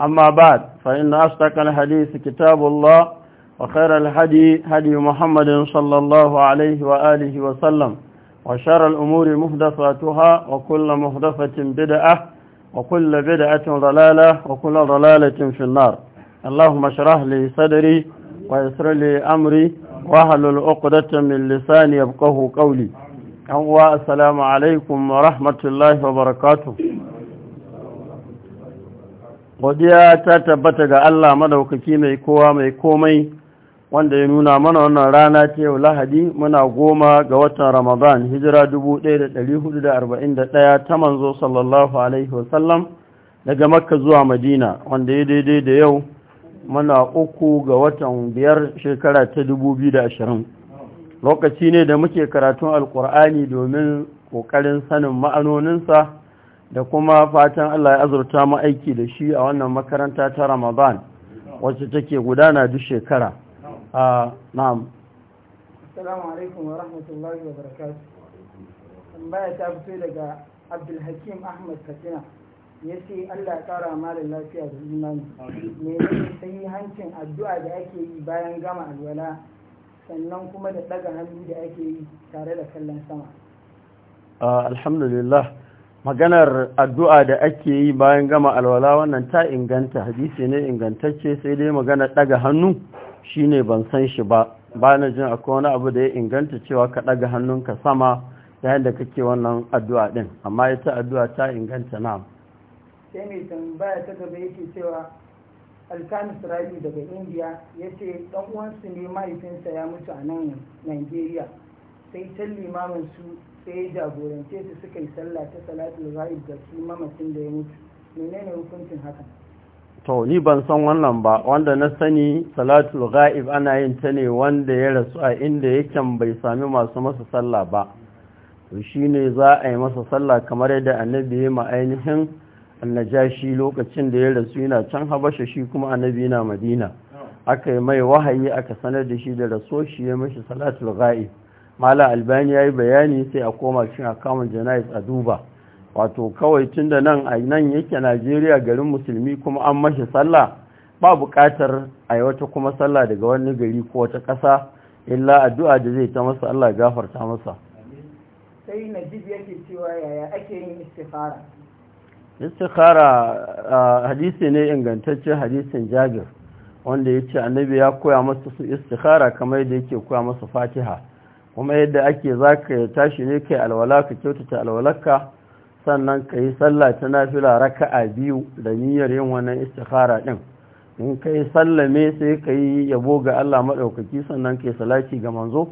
أما بعد فإن أصدق الحديث كتاب الله وخير الهدي هدي محمد صلى الله عليه وآله وسلم وشر الأمور مهدفاتها وكل مهدفة بدعة وكل بدعة ضلالة وكل ضلالة في النار اللهم اشرح لي صدري ويسر لي أمري وأهل العقدة من لساني يبقه قولي السلام عليكم ورحمة الله وبركاته godiya ta tabbata ga Allah madaukaki mai kowa mai komai wanda ya nuna mana wannan rana ta yau lahadi muna goma ga watan ramadan hijira 1441 ta manzo sallallahu alaihi wasallam daga makka zuwa madina wanda ya daidai da yau muna uku ga watan biyar shekara ta 2020 lokaci ne da muke karatun alkur'ani domin kokarin sanin ma'anoninsa da kuma fatan Allah ya azurta mu aiki da shi a wannan makaranta ta Ramadan wacce take gudana duk shekara a na'am assalamu alaikum wa rahmatullahi wa barakatuh tambaya ta fito daga Abdul Hakim Ahmad Katsina yace Allah ya kara malin lafiya da imani sai hancin addu'a da ake yi bayan gama alwala sannan kuma da daga hannu da ake yi tare da kallon sama alhamdulillah maganar addu'a da ake yi bayan gama alwala wannan ta inganta hadisi ne ingantacce sai dai maganar ɗaga hannu shi ne ban san shi ba ba na jin akwai wani abu da ya inganta cewa ka ɗaga hannunka sama yayin da kake wannan addu'a ɗin amma ita addu'a ta inganta na sai mai tambaya ta gaba yake cewa alkamis rabi daga india ya ce ɗan uwansu ne mahaifinsa ya mutu a nan nigeria sai can limamin su sai jagorance su suka yi sallah ta salatul ghaib ga su mamacin da ya mutu menene hukuncin hakan to ni ban san wannan ba wanda na sani salatul ghaib ana yin ta ne wanda ya rasu a inda yake bai sami masu masa sallah ba to shine za a yi masa sallah kamar yadda annabi ya ma ainihin annajashi lokacin da ya rasu yana can habasha shi kuma annabi yana madina oh. aka yi mai wahayi aka sanar da shi da rasu shi ya mashi salatul ghaib mala albani ya yi bayani sai a koma cin akamun janayis a duba wato kawai tun da nan a nan yake najeriya garin musulmi kuma an mashi sallah ba buƙatar a yi wata kuma sallah daga wani gari ko wata ƙasa illa addu'a da zai ta masa allah gafarta masa sai najib yake cewa yaya ake yin istikhara istikhara hadisi ne ingantacce hadisin jabir wanda ya ce annabi ya koya masa su istikhara kamar da yake koya masa fatiha kuma yadda ake za ka tashi ne kai alwala ka kyautata alwalarka sannan ka yi sallah ta nafila raka'a biyu da niyyar yin wannan istikhara din in ka yi sallame sai ka yi yabo ga Allah maɗaukaki sannan ka yi salaki ga manzo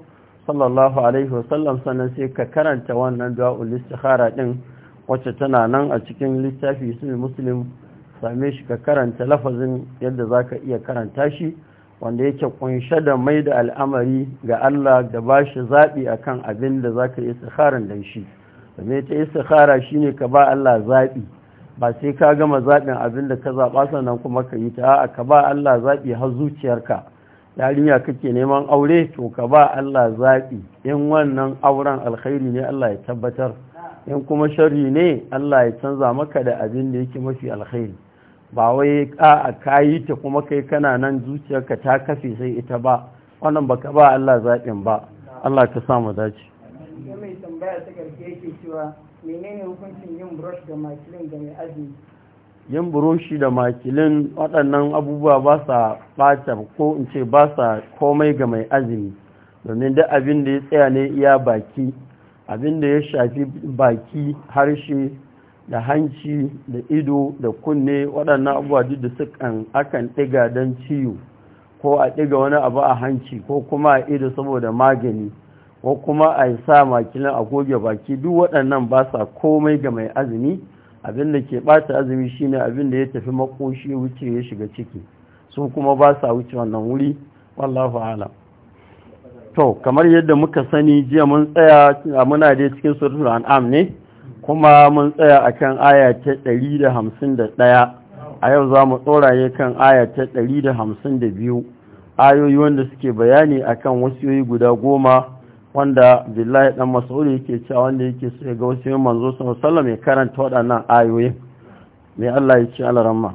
sallallahu alaihi wasallam sannan sai ka karanta wannan du'a'ul istikhara din wacce tana nan a cikin littafi sunan muslim same shi ka karanta lafazin yadda zaka iya karanta shi wanda yake kunshe da mai da al'amari ga Allah da ba shi zaɓi a kan abin da za ka yi istikharar don shi domin ta istikhara shi ne ka ba Allah zaɓi ba sai ka gama zaɓin abin da ka zaɓa sannan kuma ka yi ta a ka ba Allah zaɓi har zuciyarka yarinya kake neman aure to ka ba Allah zaɓi in wannan auren alkhairi ne Allah ya tabbatar in kuma sharri ne Allah ya canza maka da abin da yake mafi alkhairi ba wai a kayi ta kuma kai kana nan zuciyarka ta kafe sai ita ba wannan baka ba Allah zaɓin ba Allah ka sa mu dace mai tambaya ta garke yake cewa menene hukuncin yin brush da makilin ga mai azumi yin buroshi da makilin waɗannan abubuwa ba sa ɓata ko in ce ba sa komai ga mai azumi domin duk abin da ya tsaya ne iya baki abin da ya shafi baki harshe da hanci da ido da kunne waɗannan abubuwa duk da sukan akan ɗiga don ciwo ko a ɗiga wani abu a hanci ko kuma a ido saboda magani ko kuma a sa makilin a goge baki duk waɗannan ba sa komai ga mai azumi abin da ke ɓata azumi shine abin da ya tafi makoshi wuce ya shiga ciki su kuma ba sa wuce wannan wuri wallahu alam to kamar yadda muka sani jiya mun tsaya muna dai cikin suratul an'am ne kuma mun tsaya a kan aya ta 151 a yau za mu tsoraye kan aya ta 152 ayoyi wanda suke bayani a akan wasiyoyi guda goma wanda billahi dan masauri yake cewa wanda yake so ga wasu manzo sun alaihi ya karanta waɗannan ayoyi mai Allah ya ce alarama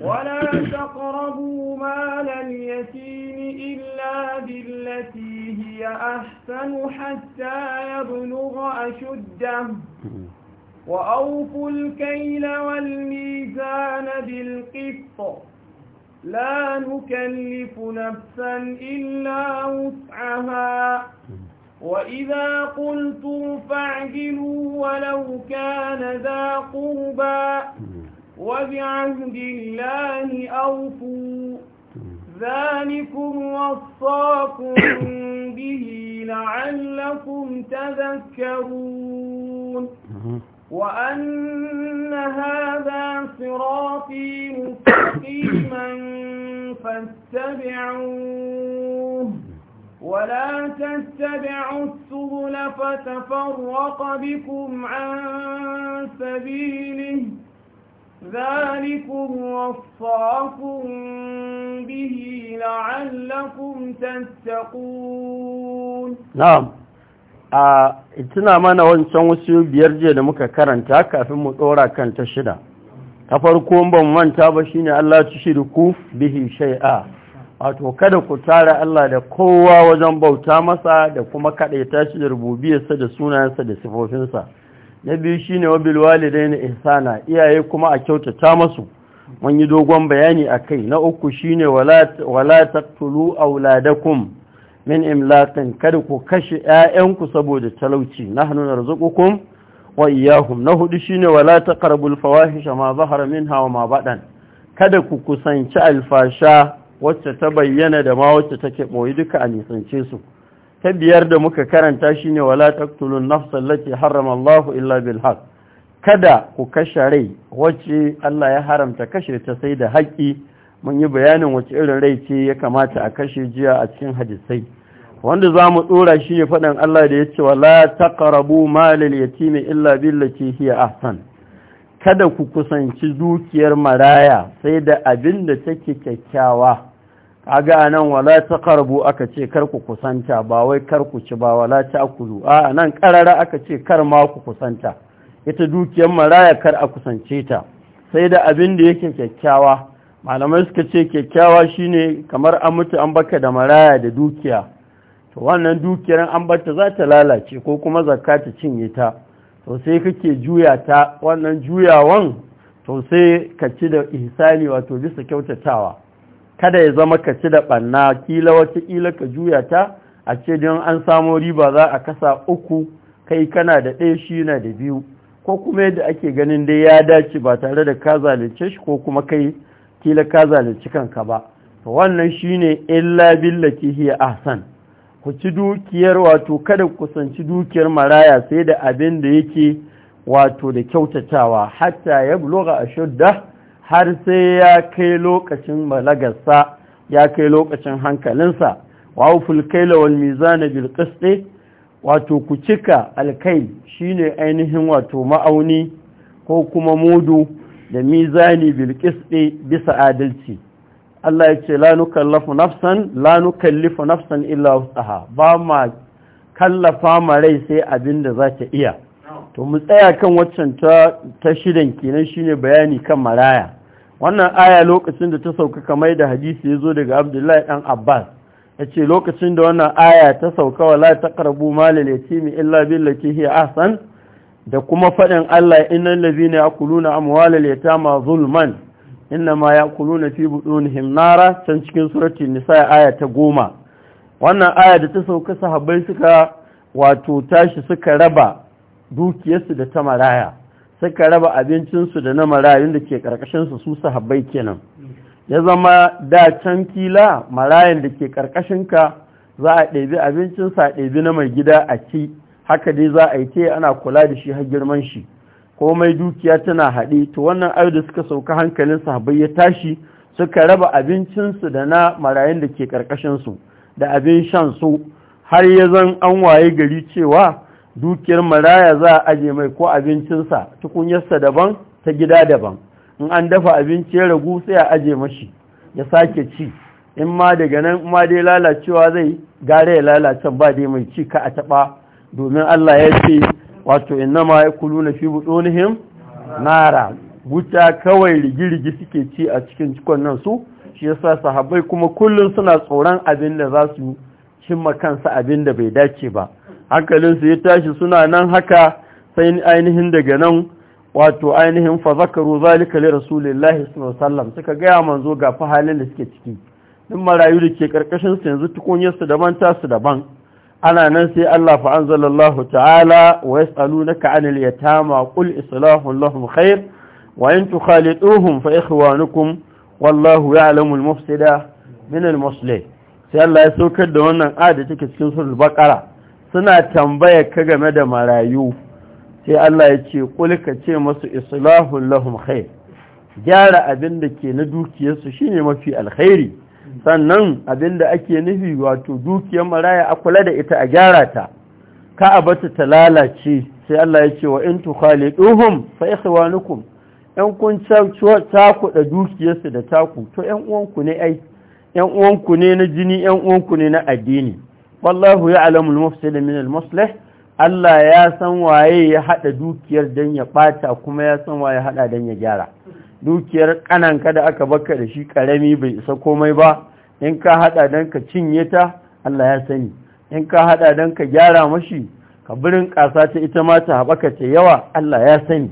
ولا تقربوا مال اليتيم إلا بالتي هي أحسن حتى يبلغ أشده وأوفوا الكيل والميزان بالقسط لا نكلف نفسا إلا وسعها وإذا قلتم فاعجلوا ولو كان ذا قربا وبعهد الله أوفوا ذلكم وصاكم به لعلكم تذكرون وأن هذا صراطي مستقيما فاتبعوه ولا تتبعوا السبل فتفرق بكم عن سبيله ذلكم وصاكم به لعلكم تتقون نعم a mana wancan wasu biyar je da muka karanta kafin mu ɗora kan ta shida ta farko ban manta ba shine Allah ci shirku bihi shay'a wato kada ku tara Allah da kowa wajen bauta masa da kuma kadaita shi da rububiyarsa da sunayensa da sifofinsa na biyu shi ne shine wabil na ihsana iyaye kuma a kyautata masu mun yi dogon bayani a kai na uku ne wala wala taqtulu auladakum min imlatin kada ku kashe 'ya'yanku saboda talauci na narzuqukum wa wa'iyyahu na hudu shi shine wala taqrabul fawahisha ma zahara min hawa ma baɗan kada ku kusanci alfasha wacce ta bayyana da ma wacce take ɓoyi duka a nisance su ta biyar da muka karanta shi ne wala taktulun nafsal lati haram Allah illa bil kada ku kashe rai wacce Allah ya haramta kashe ta sai da haƙi mun yi bayanin wacce irin rai ce ya kamata a kashe jiya a cikin hadisai wanda za mu tsora shi ne faɗin Allah da ya ce wala la taqrabu malal yatimi illa billati hiya ahsan kada ku kusanci dukiyar maraya sai da abin da take kyakkyawa aga nan wala ta karbu aka ce kar ku kusanta ba wai kar ku ci ba wala ta akulu a nan karara aka ce kar ma ku kusanta ita dukiyar maraya kar a kusance ta sai da abin da yake kyakkyawa malamai suka ce kyakkyawa shine kamar an mutu an baka da maraya da dukiya to wannan dukiyar an bata za ta lalace ko kuma zakka ta cinye ta to sai kake juya ta wannan juyawan to sai ka ci da ihsani wato bisa kyautatawa kada ya zama ka ci da banna kila wata kila ka juya ta a ce don an samo riba za a kasa uku kai kana da ɗaya shi na da biyu ko kuma yadda ake ganin dai ya dace ba tare da ka zalunce shi ko kuma kai kila ka zalunci kanka ba to wannan shi ne illa billati hiya ahsan ku ci dukiyar wato kada ku kusanci dukiyar maraya sai da abin da yake wato da kyautatawa hatta ya bulugha ashuddah har sai ya kai lokacin balagarsa ya kai lokacin hankalinsa wa kaila wal mizana bil qisti wato ku cika alkai shine ainihin wato ma'auni ko kuma mudu da mizani bil qisti bisa adalci Allah ya ce la nukallafu nafsan la nukallifu nafsan illa wusaha ba ma kallafa ma rai sai abin da za ta iya to mu tsaya kan waccan ta shidan kenan shine bayani kan maraya wannan aya lokacin da ta sauka kamar da hadisi ya zo daga abdullahi ɗan abbas ya ce lokacin da wannan aya ta sauka wa la ta karbu malil yatimi illa billati hiya ahsan da kuma faɗin Allah innal ladhina yaquluna amwalal yatama zulman ma yaquluna fi butunihim nara can cikin surati nisa aya ta goma wannan aya da ta sauka sahabbai suka wato tashi suka raba dukiyarsu da ta maraya suka raba abincinsu da na marayun da ke ƙarƙashinsu su sahabbai kenan ya zama da can kila marayun da ke ƙarƙashinka za a ɗabi abincinsa a ɗabi na mai gida a ci haka dai za a yi ta ana kula da shi har girman shi komai dukiya tana haɗe to wannan ayo da suka sauka hankalin sahabbai ya tashi suka raba abincinsu da na marayun da ke ƙarƙashinsu da abin shan su har ya zan an waye gari cewa dukiyar maraya za a aje mai ko abincinsa tukunyarsa daban ta gida daban in an dafa abinci ya ragu sai a aje mashi ya sake ci in ma daga nan ma dai lalacewa zai gare ya lalacen ba dai mai ci ka a taba domin Allah ya ce wato inna ma ya kulu na fi buɗonihim nara wuta kawai rigirigi suke ci a cikin cikon nan su shi yasa sahabbai kuma kullum suna tsoron abin da za su cimma kansa abin da bai dace ba hankalinsu ya tashi suna nan haka sai ainihin daga nan wato ainihin fa zakaru zalika li rasulillahi sallallahu alaihi suka gaya manzo ga fa halin da suke ciki din marayu da ke karkashin su yanzu tukunyar su daban ta su daban ana nan sai Allah fa anzalallahu ta'ala wa yas'alunaka 'anil yatama qul islahun lahum khair wa in tukhaliduhum fa ikhwanukum wallahu ya'lamu al-mufsida min al-muslih sai Allah ya saukar da wannan ayat da take cikin surah al-baqara suna tambaya ka game da marayu sai Allah ya ce kulka ce masu islahun lahum khair gyara abin da ke na dukiyarsu shine mafi alkhairi sannan abin da ake nufi wato dukiyar maraya a kula da ita a gyara ta ka a bata ta lalace sai Allah ya ce wa in tukhaliduhum fa ikhwanukum in kun taku dukiyarsu da taku to 'yan uwanku ne ai 'yan uwanku ne na jini 'yan uwanku ne na addini wallahu ya al-mufsid da minal Allah ya san waye ya haɗa dukiyar dan ya ɓata kuma ya san waye hada dan ya gyara dukiyar kananka da aka baka da shi ƙarami bai isa komai ba in ka haɗa dan ka cinye ta Allah ya sani in ka haɗa dan ka gyara mashi ka birin ƙasa ta ita ma ta haɓaka ta yawa Allah ya sani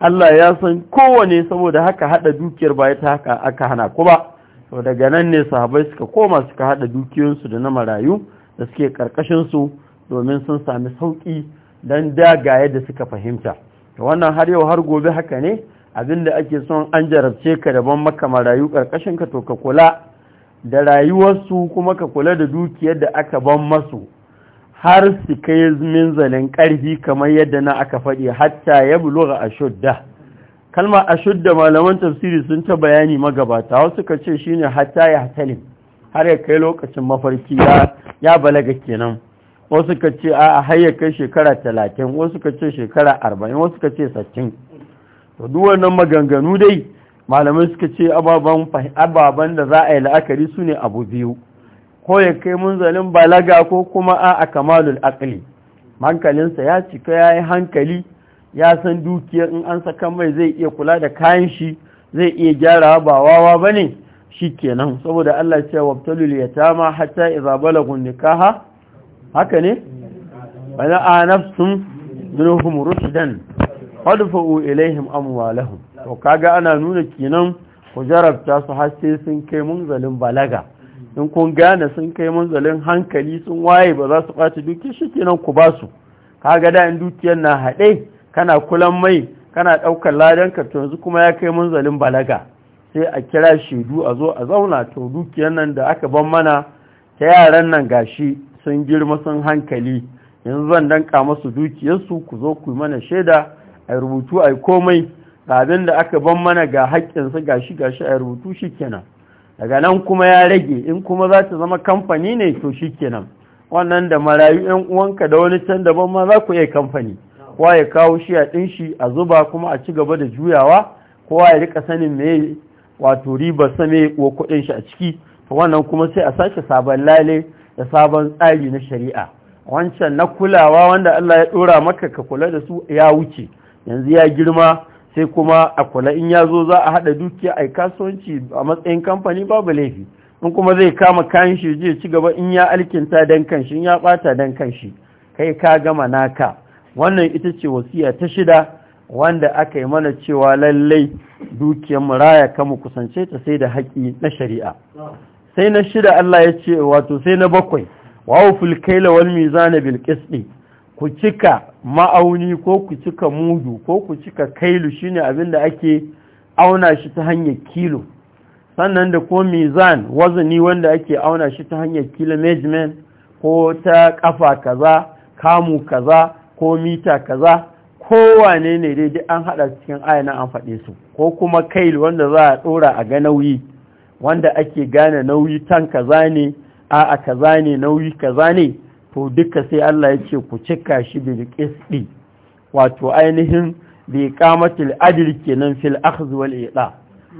Allah ya san kowane saboda haka haɗa dukiyar ba ta haka aka hana ku ba sau daga nan ne sahabai suka koma suka haɗa dukiyarsu da na marayu da suke su domin sun sami sauƙi don dagaye da suka fahimta wannan har yau har gobe haka ne abinda ake son an jarabce ka daban maka marayu ka to ka kula da rayuwarsu kuma ka kula da dukiyar da aka ban masu har su kai minzalin ƙarfi kamar yadda na aka faɗi hatta ya buluga a shudda kalma a shudda malaman tafsiri sun ta bayani magabata wasu ka ce shine hatta ya hatalim har ya kai lokacin mafarki ya balaga kenan wasu ka ce a har ya kai shekara talatin wasu ka ce shekara arba'in wasu ka ce sattin to duk maganganu dai malamai suka ce ababen da za a yi la'akari su ne abu biyu ko ya kai munzalin balaga ko kuma a kamalul akali hankalinsa ya cika ya yi hankali ya san dukiyar in an saka mai zai iya kula da kayan shi zai iya gyarawa ba wawa ba ne shikenan saboda Allah ya ce wabtalul yatama hatta idza balagu nikaha haka ne wala anafsum minhum rushdan fadfa'u ilaihim amwalahum to kaga ana nuna kenan ku jarabta su har sai sun kai munzalin balaga in kun gane sun kai munzalin hankali sun waye ba za su ɓaci duki shi ku ba su kaga da in dukiyar na haɗe kana kulan mai kana ɗaukar ladan ka to yanzu kuma ya kai mun zalin balaga sai a kira shaidu a zo a zauna to dukiyar nan da aka ban mana ta yaran nan gashi sun girma sun hankali yanzu zan danka masu dukiyarsu ku zo ku mana shaida a rubutu ai komai ga abin da aka ban mana ga haƙƙinsa gashi gashi a rubutu shikenan daga nan kuma ya rage in kuma za ta zama kamfani ne to shikenan wannan da marayu yan uwanka da wani can daban ma za ku iya kamfani kowa ya kawo shi a ɗin shi a zuba kuma a ci gaba da juyawa kowa ya rika sanin me wato ribar same wa kudin shi a ciki wannan kuma sai a sake sabon lale da sabon tsari na shari'a wancan na kulawa wanda Allah ya dora maka ka kula da su ya wuce yanzu ya girma sai kuma a kula in ya zo za a haɗa dukiya a kasuwanci a matsayin kamfani babu laifi in kuma zai kama kayan shi zai ci gaba in ya alkinta dan kanshi in ya ɓata dan kanshi kai ka gama naka wannan ita ce wasiya ta shida wanda aka yi mana cewa lallai dukiyar maraya kama kusance ta sai da haƙi na shari'a sai na shida Allah ya ce wato sai na bakwai wawo fulkaila wal mizana bilkis ɗi ku cika ma'auni ko ku cika mudu ko ku cika kailu shine abin da ake auna shi ta hanyar kilo sannan da ko mizan wazani wanda ake auna shi ta hanyar kilo ko ta kafa kaza kamu kaza ko mita kaza kowane ne daidai an haɗa cikin ayana an faɗe su ko kuma kail wanda za a ɗora a ga nauyi wanda ake gane nauyi tan kaza ne a a kaza ne nauyi kaza ne to duka sai Allah ya ce ku cika shi bil qisti wato ainihin bi qamatil adl kenan fil akhdh wal ida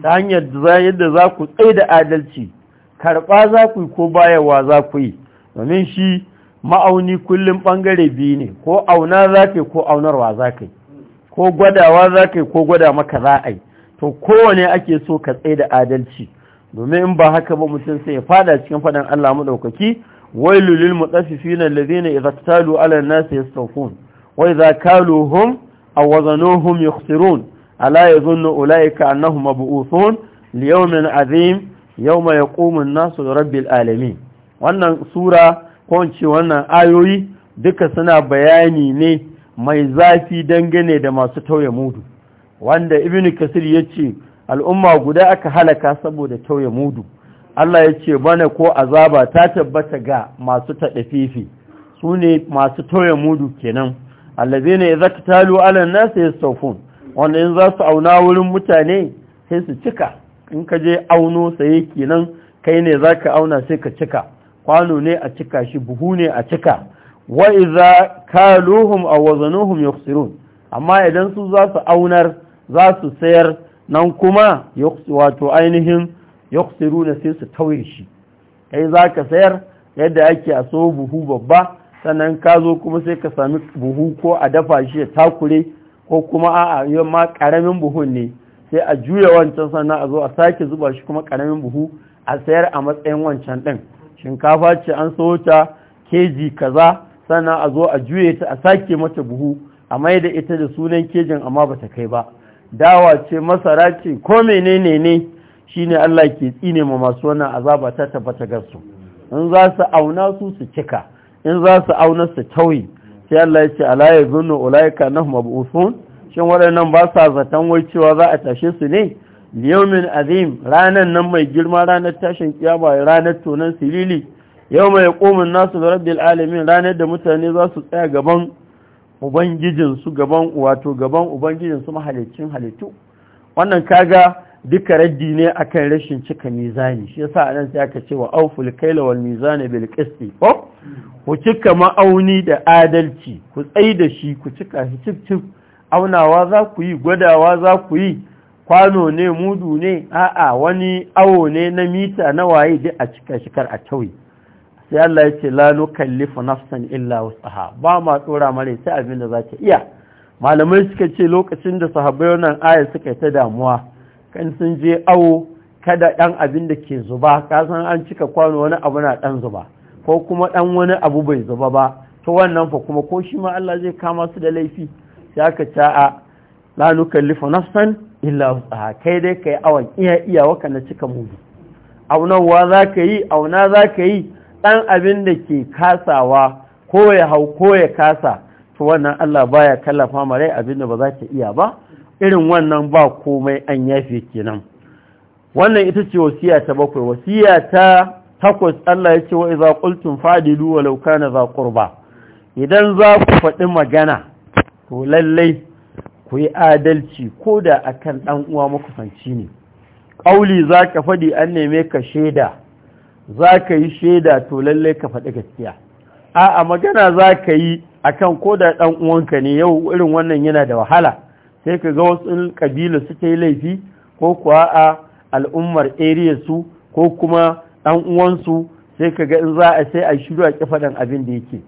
ta hanyar da yadda za ku tsaye da adalci karɓa za ku yi ko bayarwa za ku yi domin shi ma'auni kullum bangare biyu ne ko auna za ka ko aunarwa za ka ko gwadawa za ka ko gwada maka za a yi to kowane ake so ka tsaye da adalci domin in ba haka ba mutum sai ya fada cikin fadan Allah mu maɗaukaki wai lulil mutaffifin alladhina idza talu ala an-nasi yastawqun wa idza kaluhum aw wazanuhum yukhsirun ala yadhunnu ulaika annahum mab'uthun liyaumin azim yawma yaqumu nasu rabbil alamin wannan sura kowace wannan ayoyi duka suna bayani ne mai zafi dangane da masu tauye mudu wanda ibn kasir ya ce al'umma guda aka halaka saboda tauye mudu Allah ya ce bana ko azaba ta tabbata ga masu fifi su ne masu tauye mudu kenan allazi ne za ka talo alan nasa ya saufun wanda in za su auna wurin mutane sai su cika in ka je auno saye kenan kai ne za ka auna sai ka cika kwano ne a cika shi buhu ne a cika wa iza kaluhum aw wazanuhum yukhsirun amma idan su za su aunar za su sayar nan kuma wato ainihin yukhsiruna sai su tauye shi kai za ka sayar yadda ake a so buhu babba sannan ka zo kuma sai ka sami buhu ko a dafa shi ya takure ko kuma a'a yau ma karamin buhun ne sai a juya wancan sannan a zo a sake zuba shi kuma karamin buhu a sayar a matsayin wancan ɗin. shinkafa ce an so ta keji kaza sannan a zo a juye ta a sake mata buhu a mai da ita da sunan kejin amma ba ta kai ba dawa ce masara ce ko menene ne shine Allah ke tsine ma masu wannan azaba ta tabbata garsu in za su auna su su cika in za su auna su tauyi sai Allah ya ce ala yazunnu ulaika nahum mabusun shin waɗannan ba sa zaton wai cewa za a tashe su ne liyaumin azim ranan nan mai girma ranar tashin kiyama ranar tonan silili yau mai komin nasu da rabbil alamin ranar da mutane za su tsaya gaban ubangijinsu gaban wato gaban ubangijin su mahalicin halittu wannan kaga duka raddi ne akan rashin cika mizani shi yasa nan sai aka ce wa auful kaila wal mizani bil qisti ko ku cika ma'auni da adalci ku tsai da shi ku cika shi cif aunawa za ku yi gwadawa za ku yi kwano ne mudu ne a'a wani awo ne na mita na waye duk a cika shikar a tawi sai Allah ya ce la nukallifu nafsan illa wusaha ba ma tsora mare sai abin da za iya malamai suka ce lokacin da sahabbai wannan aya suka ta damuwa kan sun je awo kada dan abin da ke zuba ka san an cika kwano wani abu na dan zuba ko kuma dan wani abu bai zuba ba to wannan fa kuma ko shi ma Allah zai kama su da laifi sai aka ta la nukallifu nafsan illa wusaha kai dai kai awan iya iya waka na cika mudu aunawa za ka yi auna za ka yi ɗan abin da ke kasawa ko ya hau ko ya kasa to wannan Allah baya kallafa rai abin da ba za ta iya ba irin wannan ba komai an yafe kenan wannan ita ce wasiya ta bakwai wasiya ta takwas Allah ya ce wa idza qultum fadilu walau kana za qurba idan za ku faɗi magana to lallai ku yi adalci ko da akan ɗan'uwa ɗan’uwa makusanci ne ƙauli za ka faɗi an neme ka shaida za ka yi shaida to lallai ka faɗi gaskiya a'a magana za ka yi a kan ko da ɗan'uwanka ne yau irin wannan yana da wahala sai ka ga wasu ƙabilu suka yi laifi ko kuwa a al'ummar area su ko kuma ɗan'uwansu sai ka ga in za a sai a shiru a kifaɗan abin da yake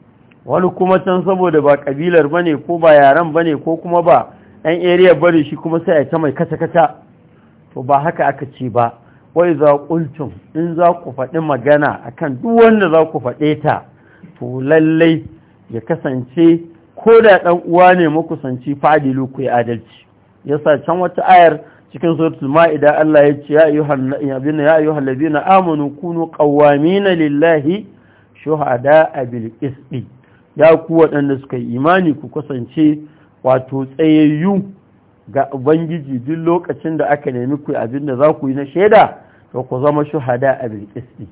wani kuma can saboda ba ƙabilar ba ne ko ba yaren ba ne ko kuma ba ɗan eriya bari shi kuma sai a ta mai kata-kata to ba haka aka ce ba wai za ƙultun in za ku faɗi magana akan duk wanda za ku faɗe ta to lallai ya kasance ko da ɗan uwa ne makusanci fadilu ku yi adalci yasa can wata ayar cikin suratul ma'ida Allah ya ce ya ayyuhal na amanu kunu na lillahi shuhada a qisti ya ku waɗanda suka yi imani ku kasance wato tsayayyu ga ubangiji duk lokacin da aka nemi ku abin da za ku yi na shaida to ku zama shuhada a bilkisti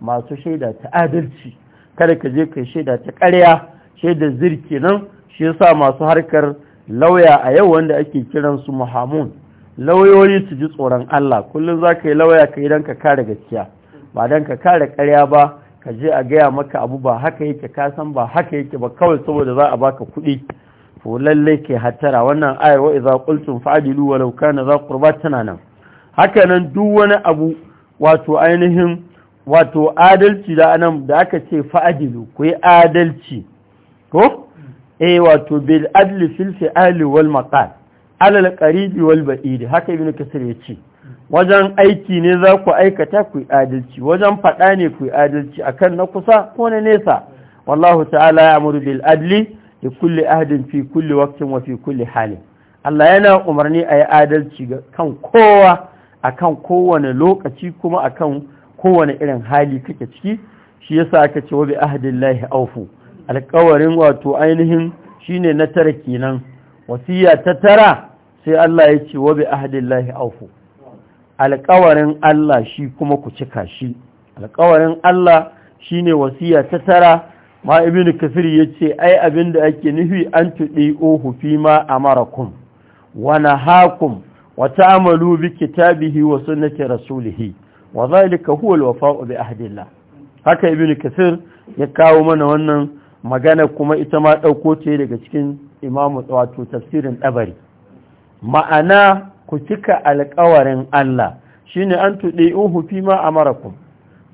masu shaida ta adalci kada ka je kai shaida ta ƙarya shaida zirki nan shi yasa masu harkar lauya a yau wanda ake kiran su muhamun lauyoyi su ji tsoron Allah kullum za ka yi lauya ka yi ka kare gaskiya ba don ka kare karya ba ka je a gaya maka abu ba haka yake ka san ba haka yake ba kawai saboda za a baka kuɗi ko lalle ke hattara wannan ayar wa idza qultum fa'dilu walau kana za qurba tana nan haka nan duk wani abu wato ainihin wato adalci da anan da aka ce fa'dilu ku yi adalci ko eh wato bil adli fil fi'ali wal maqal al qaribi wal ba'id haka ibn kasir ya ce wajen aiki ne za ku aikata ku yi adalci wajen fada ne ku yi adalci akan na kusa ko na nesa wallahu ta'ala ya amuru bil adli da kulle ahadin fi kulle waktin wa fi kulle halin Allah yana umarni a yi adalci ga kan kowa a kan kowane lokaci kuma a kan kowane irin hali kake ciki shi yasa aka ce wa bi lahi aufu alƙawarin wato ainihin shi ne na tara kenan wasiya ta tara sai Allah ya ce wa bi lahi aufu alƙawarin Allah shi kuma ku cika shi alƙawarin Allah shi ne wasiya ta tara ma ibn kafir ya ce ai abin ake nufi an tuɗi ohu fi ma a marakun wani hakun wata amalu bi kitabihi wa sunnati rasulihi wa zalika huwa alwafa'u bi ahdillah haka ibn kafir ya kawo mana wannan magana kuma ita ma ɗauko ce daga cikin imamu wato tafsirin ɗabari ma'ana ku cika alƙawarin Allah shine an tuɗi ohu fi ma a marakun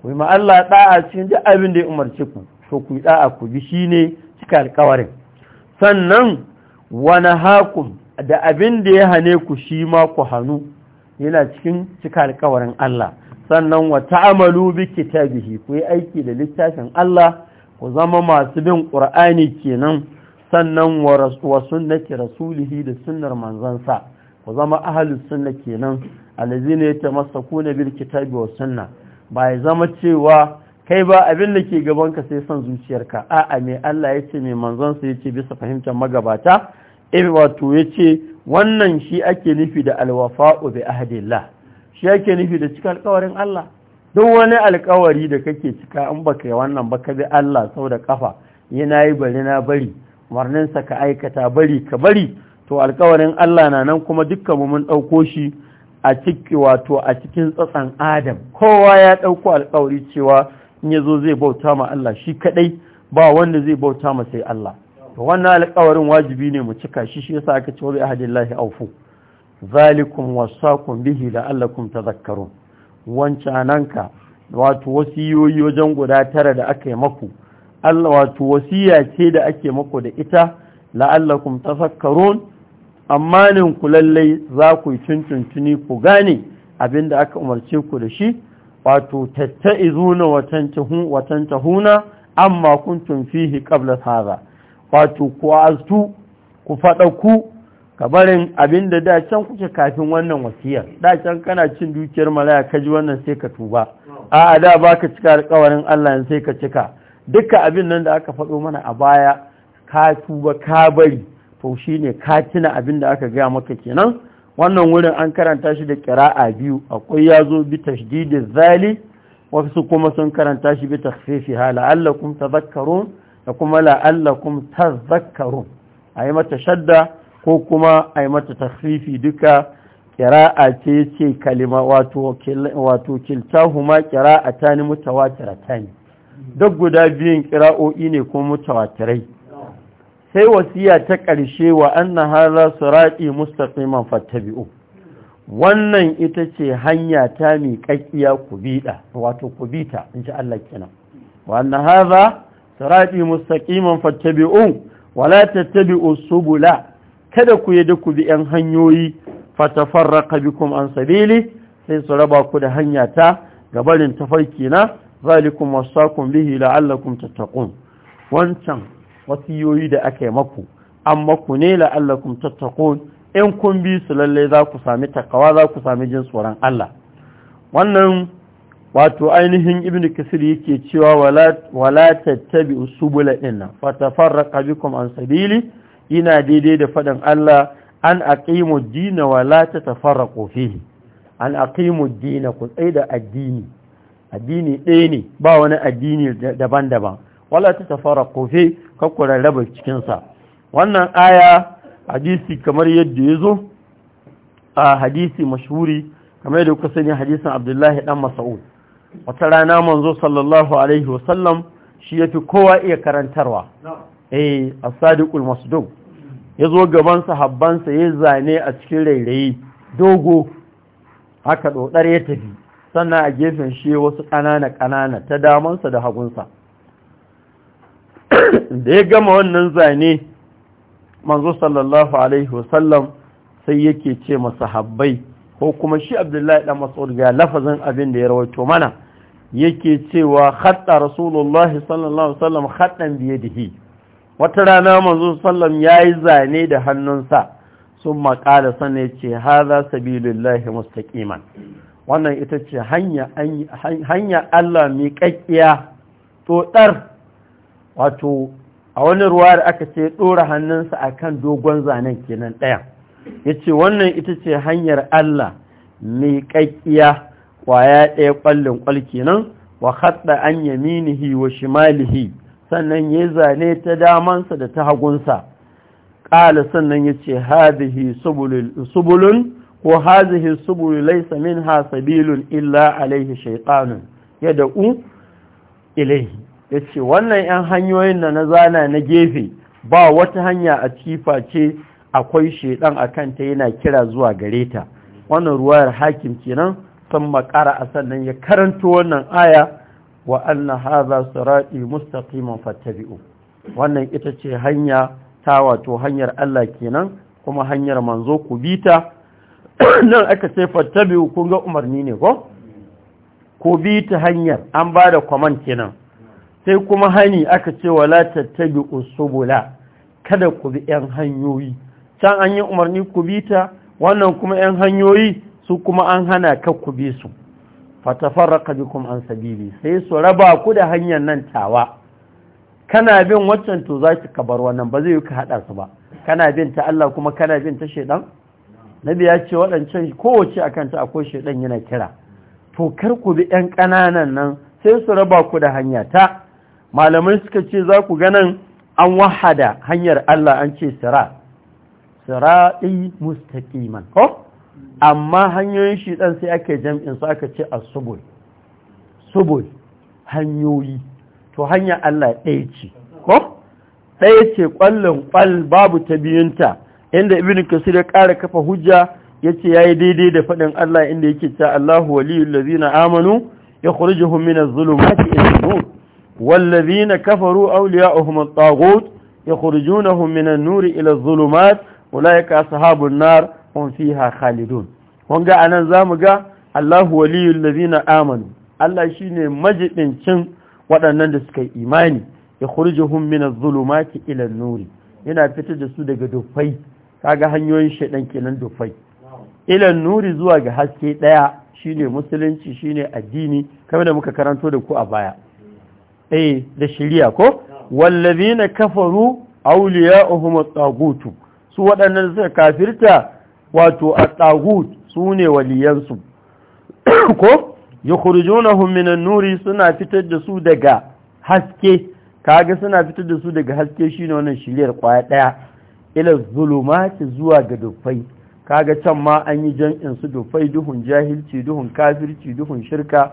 ku ma Allah da'a cikin duk abin da ya umarci ku so ku da'a ku bi shi ne cika alƙawarin sannan wani haƙun da abin da ya hane ku shi ma ku hannu yana cikin cika alƙawarin Allah sannan wa ta'amalu bi bihi ku yi aiki da littafin Allah ku zama masu bin ƙur'ani kenan sannan wa sunnati rasulihi da sunnar manzansa ku zama ahalin sunna kenan ya allazina kuna bil kitabi wa sunna ba ya zama cewa kai ba abin da ke gabanka sai son zuciyarka a'a mai Allah ya ce mai manzonsa ya ce bisa fahimtar magabata ibi eh, wato ya ce wannan shi ake nufi da alwafa'u bi ahadillah shi ake nufi da cika alkawarin Allah duk wani alkawari da kake cika an baka yi wannan baka bi Allah sau da kafa yana yi bari na bari marninsa ka aikata bari ka bari to alkawarin Allah na nan kuma dukkan mu mun ɗauko shi a ciki wato a cikin tsatsan Adam kowa ya ɗauko alkawari cewa in yazo zai bauta ma Allah shi kadai ba wanda zai bauta ma sai Allah to wannan alƙawarin wajibi ne mu cika shi shi yasa aka ce wa bi ahdillahi awfu zalikum wasaqum bihi la'allakum tadhakkarun wancananka wato wasiyoyi wajen guda tara da aka yi maku Allah wato wasiya ce da ake maku da ita la'allakum tafakkarun amma nin ku lallai za ku yi tuntuntuni ku gane abinda aka umarce ku da shi wato tattaizuna watan tahuna amma kuntum fihi qabla hadha wato ku aztu ku fada ku kabarin abinda da can kuke kafin wannan wasiya da can kana cin dukiyar malaya ji wannan sai ka tuba a da baka cika alƙawarin Allah sai ka cika duka abin nan da aka faɗo mana a baya ka tuba ka bari to shine ka tuna abin da aka gaya maka kenan wannan wurin an karanta shi da kira'a biyu akwai ya zo bi tashdidi zali wasu kuma sun karanta shi bi takhfifiha la'allakum tadhakkarun da kuma la'allakum a yi mata shadda ko kuma a yi mata takhfifi duka kira'a ce ce kalima wato wato kiltahuma ta ne duk guda biyun kira'o'i ne ko mutawatirai sai wasiya ta ƙarshe wa anna hala sirati mustaqiman fattabi'u wannan ita ce hanya ta miƙaƙiya ku biɗa wato kubita, in ji Allah kenan wa anna su sirati mustaqiman fattabi'u wala tattabi'u subula kada ku yadda ku bi yan hanyoyi bi kuma an sabili sai su raba ku da hanya ta gabarin tafarki na zalikum kun bihi la'allakun tattakun wancan wasiyoyi da aka yi maku an maku ne la'allakum tattako in kun bi su lalle za ku sami takawa za ku sami jin tsoron Allah wannan wato ainihin Ibn kasir yake cewa wala tattabi wala tattabi'u nan inna fatafarraqa bikum an sabili ina daidai da faɗin Allah an aqimu ad-dina wa la tatafarraqu fihi an aqimu dina ku tsaida addini addini ɗaya ne ba wani addini daban-daban wala ta tafara kofe kakkuran raba cikinsa wannan aya hadisi kamar yadda ya zo a hadisi mashuri, kamar yadda kuka sani hadisin abdullahi dan mas'ud wata rana manzo sallallahu alaihi wasallam shi ya fi kowa iya karantarwa eh a sadiqul Ya zo gaban sahabbansa ya zane a cikin rairayi dogo haka dodar ya tafi sannan a gefen shi wasu ƙanana ƙanana ta damansa da hagunsa da ya gama wannan zane manzo sallallahu alaihi wasallam sai yake ce masa habbai ko kuma shi abdullahi dan mas'ud ga lafazin abin da ya rawaito mana yake cewa khatta rasulullahi sallallahu alaihi wasallam haddan biyadihi wata rana manzo sallam yayi zane da hannunsa sun makala sanne yace hadha sabilillahi mustaqiman wannan ita ce hanya Allah miƙaƙƙiya tsotsar wato a wani ruwa da aka ce ɗora hannunsa a kan dogon zanen kenan ɗaya ya ce wannan ita ce hanyar Allah mai ƙaƙƙiya ƙwaya ɗaya ƙwallon ƙwal kenan wa haɗa an yaminihi wa shimalihi sannan ya zane ta damansa da ta hagunsa ƙala sannan ya ce hazihi subulun ko hazihi subulu laisa min ha sabilun illa alaihi ya da'u ilaihi ya ce wannan 'yan hanyoyin da na zana na gefe ba wata hanya a cifa ce akwai shaidan a kanta yana kira zuwa gare ta wannan ruwayar hakim kenan san makara a sannan ya karanto wannan aya wa anna hadha sirati mustaqiman fattabi'u wannan ita ce hanya ta wato hanyar Allah kenan kuma hanyar manzo ku bi ta nan aka ce fattabi'u kun ga umarni ne ko ku bi ta hanyar an ba da kwaman kenan sai kuma hani aka ce wala tattabi usubula kada ku bi yan hanyoyi can an yi umarni ku bi ta wannan kuma yan hanyoyi su kuma an hana ka ku bi su fatafarraka bikum an sabili sai su raba ku da hanyar nan tawa kana bin waccan to zaki ka bar wannan ba zai yi ka hada su ba kana bin ta Allah kuma kana bin ta shedan nabi ya ce waɗancan kowace akan ta akwai shedan yana kira to kar ku bi yan ƙananan nan sai su raba ku da hanya ta malamai suka ce za ku ganin an wahada hanyar Allah an ce sira sira'i mustaqiman ko amma hanyoyin shi dan sai ake jam'in su aka ce as-subul subul hanyoyi to hanya Allah ɗaya ce ko ɗaya ce ƙwallon ƙwal babu ta biyunta inda ibn kasir ya ƙara kafa hujja yace yayi daidai da faɗin Allah inda yake cewa Allahu waliyul ladzina amanu yakhrujuhum minaz zulumati ila nur والذين كفروا أولياؤهم الطاغوت يخرجونهم من النور إلى الظلمات أولئك أصحاب النار هم فيها anan وانجا أنا زامجا الله ولي الذين آمنوا الله شيني مجد شن waɗannan da suka yi imani ya khurjuhum min adh-dhulumati ila an-nur yana fitar da su daga dufai kaga hanyoyin shedan kenan dufai ilan nuri zuwa ga haske daya shine musulunci shine addini kamar da muka karanto da ku a baya eh da shiriya ko wallazina kafaru auliya at tsagutu su waɗannan suka kafirta wato at-tagut sune waliyansu ko yukhrijunahum minan nuri suna fitar da su daga haske kaga suna fitar da su daga haske shine wannan shiriyar kwaya daya ila zulumati zuwa ga dufai kaga can ma an yi jam'in su dufai duhun jahilci duhun kafirci duhun shirka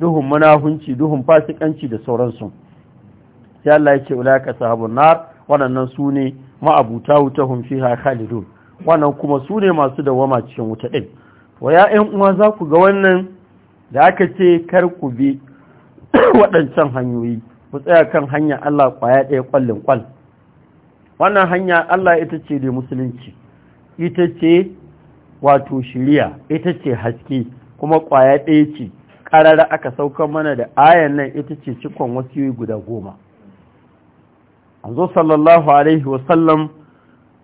duhun munafunci duhun fasikanci da sauransu sai Allah ya ce ulaka sahabun nar waɗannan su ne ma'abuta wuta hun fiha khalidun wannan kuma su ne masu dawama cikin wuta ɗin wa ya uwa za ku ga wannan da aka ce kar ku bi waɗancan hanyoyi ku tsaya kan hanya Allah kwaya ɗaya kwallin kwal wannan hanya Allah ita ce da musulunci ita ce wato shiriya ita ce haske kuma kwaya ɗaya ce ƙarara aka saukar mana da ayan nan ita ce cikon wasiyoyi guda goma zo sallallahu alaihi wasallam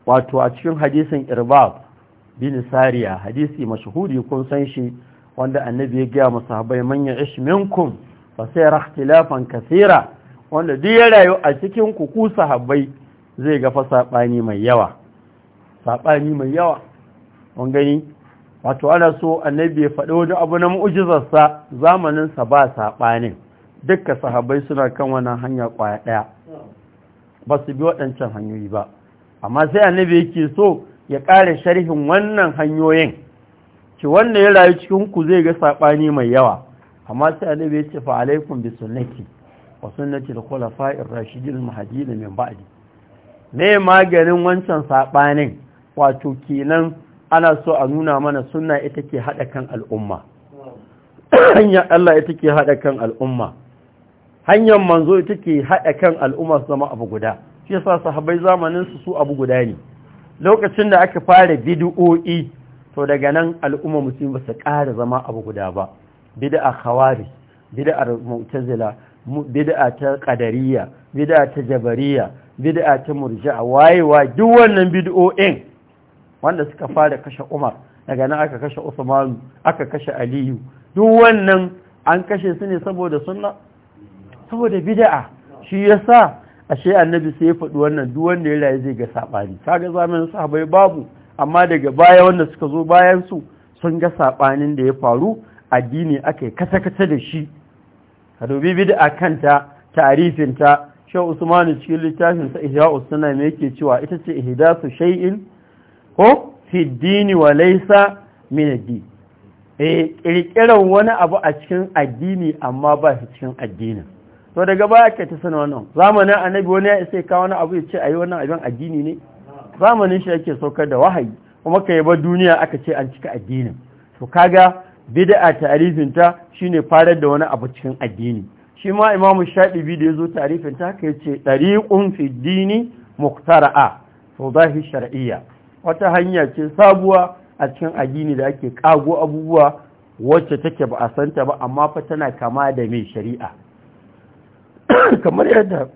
wato a cikin hadisin irbab bin sariya hadisi mashahuri kun san shi wanda annabi ya gaya masahabai manya ish minkum fa sai rahtilafan kathira wanda duk ya rayu a cikin ku ku sahabbai zai ga fa sabani mai yawa sabani mai yawa gani wato ana so annabi ya faɗi wani abu na mu'ujizarsa zamaninsa ba saɓanin dukka sahabai suna kan wannan hanya ƙwaya ɗaya ba su bi waɗancan hanyoyi ba amma sai annabi yake so ya ƙare sharhin wannan hanyoyin ki wanda ya rayu cikin ku zai ga saɓani mai yawa amma sai annabi ya ce fa alaikum bi sunnati wa sunnati al-khulafa'i ar-rashidin al-mahdiyyin min ba'di me maganin wancan saɓanin wato kenan ana so a nuna mana suna ita ke haɗa kan al'umma hanyar Allah ita ke haɗa kan al'umma hanyar manzo ita ke haɗa kan al'umma su zama abu guda shi yasa sahabbai zamanin su su abu guda ne lokacin da aka fara bid'o'i to daga nan al'umma musulmi ba su ƙara zama abu guda ba bid'a khawari Bida'ar mu'tazila bid'a ta qadariyya bid'a ta jabariyya bid'a ta murji'a wayewa duk wannan bid'o'in wanda suka fara kashe Umar daga nan aka kashe Usman aka kashe Aliyu duk wannan an kashe su ne saboda sunna saboda bid'a shi yasa ashe annabi sai ya faɗi wannan duk wanda ya rayu zai ga sabani kaga zamanin sahabbai babu amma daga baya wanda suka zo bayan su sun ga sabanin da ya faru addini aka yi kasa-kasa da shi ka dubi bid'a kanta tarifinta shehu usmanu cikin littafinsa ihya'us sunna me yake cewa ita ce ihdasu shay'in ko fi dini wa laisa min eh kirkiran wani abu a cikin addini amma ba shi cikin addini. to daga baya ka ta sanar wannan zamanin annabi wani ya isa ka wani abu ya ce ayi wannan abin addini ne zamanin shi yake saukar da wahayi kuma ka yaba duniya aka ce an cika addini to kaga bid'a ta'rifin ta shine farar da wani abu cikin addini shi ma imamu Shadi bi da ya zo ta'rifin ta haka ce dariqun fi dini muqtara'a to zahi shar'iyya wata hanya ce sabuwa a cikin addini da ake kago abubuwa wacce take ba a santa ba amma fa tana kama da mai shari'a kamar yadda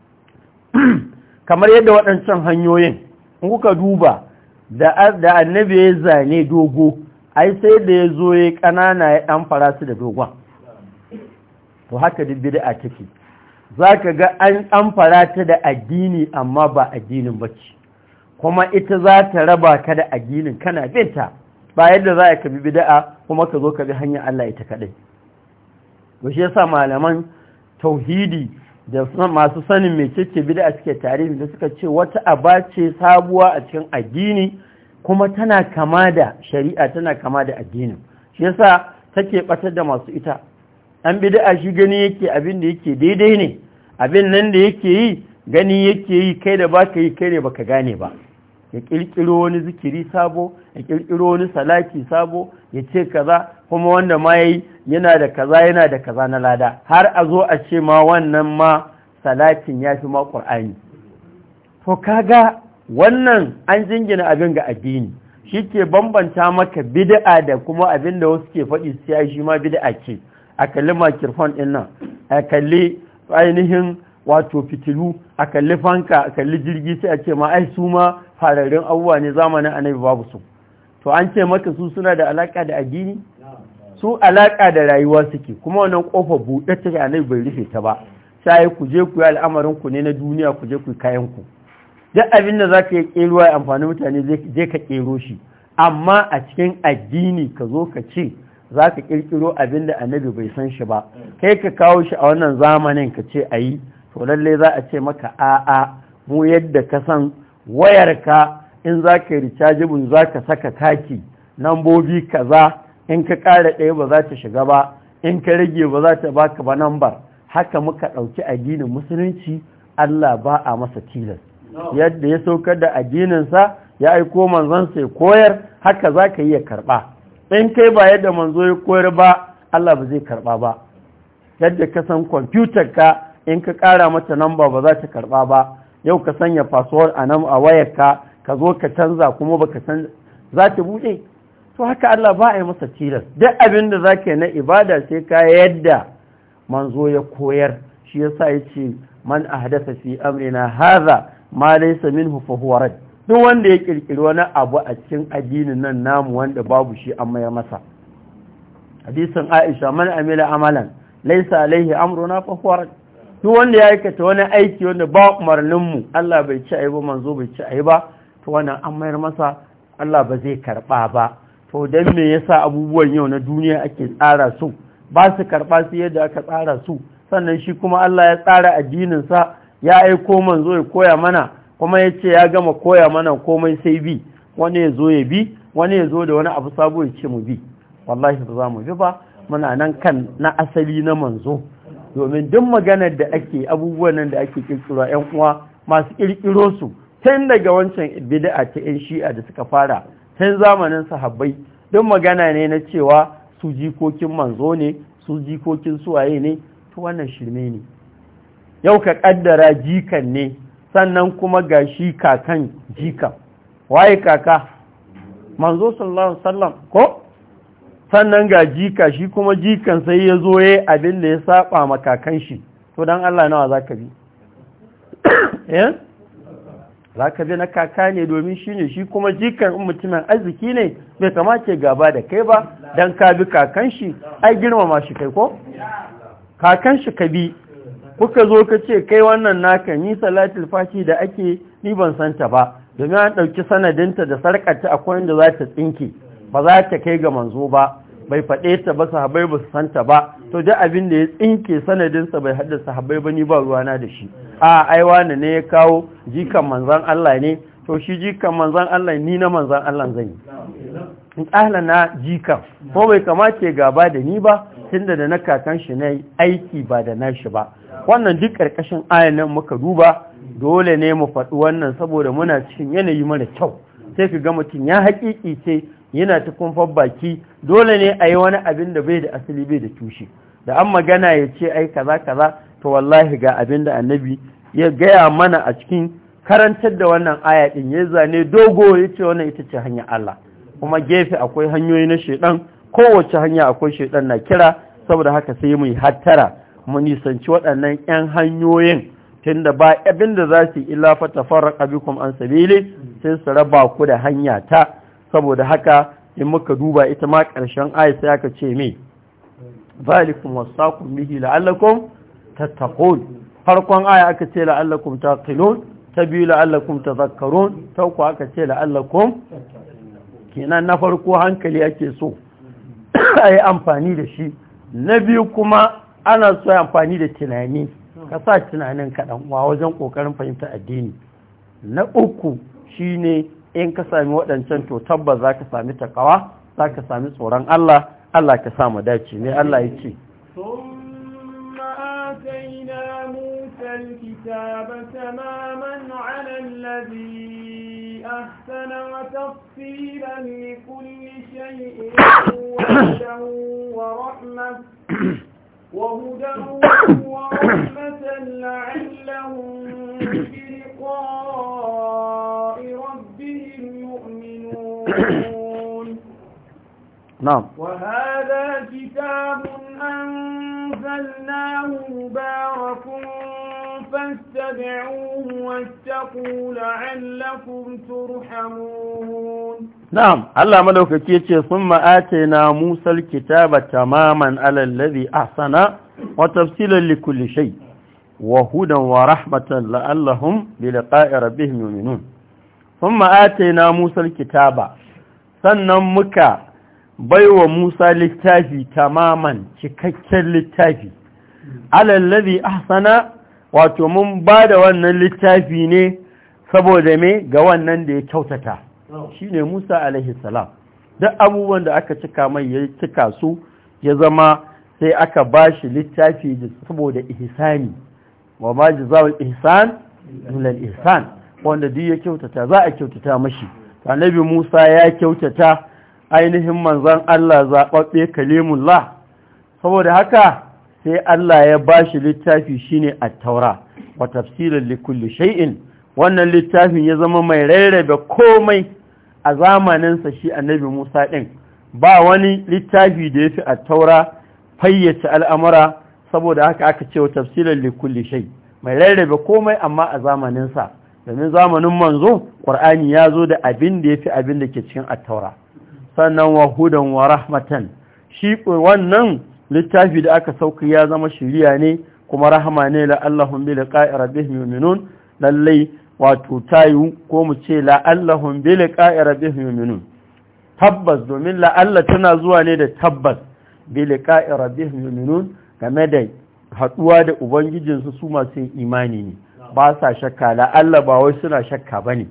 kamar yadda waɗancan hanyoyin in kuka duba da annabi ya zane dogo ai sai da ya zo ya ƙanana ya ɗan fara su da dogon to haka duk bid'a take za ka ga an ɗan fara ta da addini amma ba addinin bacci kuma ita za ta raba ka da addinin kana binta ba yadda za ka bi bida'a kuma ka zo ka bi hanyar Allah ita kaɗai. to shi yasa malaman tauhidi da masu sanin mecece bid'a suke tarihi da suka ce wata aba sabuwa a cikin addini kuma tana kama da shari'a tana kama da addinin shi yasa take batar da masu ita an bid'a shi gani yake abin da yake daidai ne abin nan da yake yi gani yake yi kai da baka yi kai ne baka gane ba ya kirkiro wani zikiri sabo ya kirkiro wani salaki sabo ya ce kaza kuma wanda ma yayi yana da kaza yana da kaza na lada har a zo a ce ma wannan ma salakin ya fi ma ƙur'ani to kaga wannan an jingina abin ga addini shi ke bambanta maka bid'a da kuma abin da wasu ke faɗi sai shi ma bid'a ce a kalli makirfon ɗin nan a kalli ainihin wato fitilu a kalli fanka a kalli jirgi sai a ce ma ai su ma abubuwa ne zamanin annabi babu su to an ce maka su suna da alaka da addini su alaka da rayuwa suke kuma wannan kofar buɗe ga annabi bai rufe ta ba sai ku je ku yi al'amarin ku ne na duniya ku je ku kayan ku duk abin da zaka yi kero ya amfani mutane je ka kero shi amma a cikin addini ka zo ka ce za ka kirkiro abin da annabi bai san shi ba kai ka kawo shi a wannan zamanin ka ce a yi to lalle za a ce maka a'a mu yadda ka san wayarka in za ka yi za ka saka kaki nambobi kaza in ka ƙara ɗaya ba za ta shiga ba in ka rage ba za ta baka ba nambar haka muka ɗauki addinin musulunci Allah ba a masa tilas yadda ya saukar da addininsa ya aiko manzon ya koyar haka za ka yi karɓa in kai ba yadda manzo ya koyar ba Allah ba zai karɓa ba yadda ka san kwamfutar ka in ka ƙara mata namba ba za ta karɓa ba yau ka sanya fasuwar a nan a wayarka ka zo ka canza kuma ba ka canza za ta buɗe to haka Allah ba a yi masa tilas duk abin da za yi na ibada sai ka yadda manzo ya koyar shi ya sa ya ce man a hadasa fi amrina haza ma laisa minhu fa huwa duk wanda ya ƙirƙiri wani abu a cikin addinin nan namu wanda babu shi an mayar masa hadisin Aisha man amila amalan laisa alaihi amruna fa huwa duk wanda ya aikata wani aiki wanda ba umarninmu Allah bai ci ayi ba manzo bai ci ayi ba to wannan an mayar masa Allah ba zai karba ba to dan me yasa abubuwan yau na duniya ake tsara su ba su karba su yadda aka tsara su sannan shi kuma Allah ya tsara addinin sa ya aiko manzo ya koya mana kuma ya ce ya gama koya mana komai sai bi wani ya zo ya bi wani ya zo da wani abu sabo ya ce mu bi wallahi ba za mu bi ba muna nan kan na asali na manzo domin duk maganar da ake abubuwan nan da ake kirkiro yan uwa masu kirkiro su tun daga wancan bid'a ta yan shi'a da suka fara tun zamanin sahabbai duk magana ne na cewa su jikokin manzo ne su jikokin suwaye ne to wannan shirme ne yau ka kaddara jikan ne sannan kuma ga shi kakan jikan waye kaka manzo sallallahu alaihi wasallam ko sannan ga jika shi kuma jikan sai ya zo ya abin da ya saba makakan shi to don Allah nawa za bi eh? za ka bi na kaka ne domin shi ne shi kuma jikan mutumin arziki ne bai kamace gaba da kai ba don ka bi kakan shi ai girmama shi kai ko kakan shi ka bi kuka zo ka ce kai wannan naka ni salatul fashi da ake ni ban santa ba domin an ɗauki sanadinta da sarkata akwai inda za ta tsinke ba za ta kai ga manzo ba bai faɗe ta ba sahabai ba su santa ba to da abin da ya tsinke sanadinsa bai haddasa sahabai ba ni ba ruwa na da shi a aiwa ne ya kawo jikan manzan Allah ne to shi jikan manzan Allah ni na manzan Allah zan yi in tsala na jikan ko bai kamace gaba da ni ba tunda da na kakan shi na aiki ba da nashi ba wannan duk ƙarƙashin nan muka duba dole ne mu faɗi wannan saboda muna cikin yanayi mara kyau sai ka ga mutum ya haƙiƙi ce yana kumfan baki dole ne a yi wani abin da bai da asali bai da tushe da an magana ya ce ai kaza kaza to wallahi ga abin da annabi ya gaya mana a cikin karantar da wannan aya din ya zane dogo ya ce wannan ita ce hanya Allah kuma gefe akwai hanyoyi na shedan kowace hanya akwai shedan na kira saboda haka sai mu yi hattara mu nisanci waɗannan 'yan hanyoyin tunda ba abin da za su yi illa fa tafarraqa bikum an sabili sai su raba ku da hanya ta saboda haka in muka duba ita ma ƙarshen ayat sai aka ce me zalikum wasaqum bihi la'allakum tattaqun farkon aya aka ce la'allakum taqilun ta biyu la'allakum tadhakkarun ta uku aka ce la'allakum kenan na farko hankali ake so ai amfani da shi na biyu kuma ana so amfani da tunani ka sa tunanin kaɗan wa wajen ƙoƙarin fahimtar addini na uku shine In ka sami waɗancan to tabbar za ka sami taƙawa, za ka sami tsoron Allah, Allah ka samu ma da Allah yi ce. Tun ma'asaina musa, kitabar ta ma manu ne kulle shanye ina uwarta wa roƙna. وهدى ورحمة لعلهم بلقاء ربهم يؤمنون نعم وهذا كتاب أنزلناه مبارك فاتبعوه واتقوا لعلكم ترحمون نعم الله ملوك كيتي ثم آتينا موسى الكتاب تماما على الذي أحسن وتفصيلا لكل شيء وهدى ورحمة لعلهم بلقاء ربهم يؤمنون ثم آتينا موسى الكتاب sannan muka baiwa Musa littafi tamaman cikakken littafi alallazi ahsana wato mun ba da wannan littafi ne saboda me ga wannan da ya kyautata Shi ne Musa alaihi salam duk abubuwan da aka cika mai ya cika su ya zama sai aka ba shi littafi saboda ihsani wa ma jazawul ihsan illa ihsan wanda duk ya kyautata za a kyautata mashi annabi Musa ya kyautata ainihin manzon Allah zaɓaɓɓe kalimullah saboda haka sai Allah ya bashi littafi shine a taura wa tafsirin likulli in wannan littafin ya zama mai rarrabe komai a zamaninsa shi annabi Musa ɗin ba wani littafi da ya fi a taura fayyace al'amura saboda haka aka ce wa tafsirin likulli shai mai rarrabe komai amma a zamaninsa domin zamanin manzo ƙwar'ani ya zo da abin da ya fi abin da ke cikin a taura sannan wahudan wa rahmatan shi wannan littafi da aka sauka ya zama shiriya ne kuma rahama ne Allahun bi liqa'i rabbihim yu'minun lallai wato tayu ko mu ce Allahun bi liqa'i rabbihim yu'minun tabbas domin allah tana zuwa ne da tabbas bi liqa'i rabbihim yu'minun game da haduwa da ubangijinsu su masu imani ne ba sa shakka allah ba wai suna shakka bane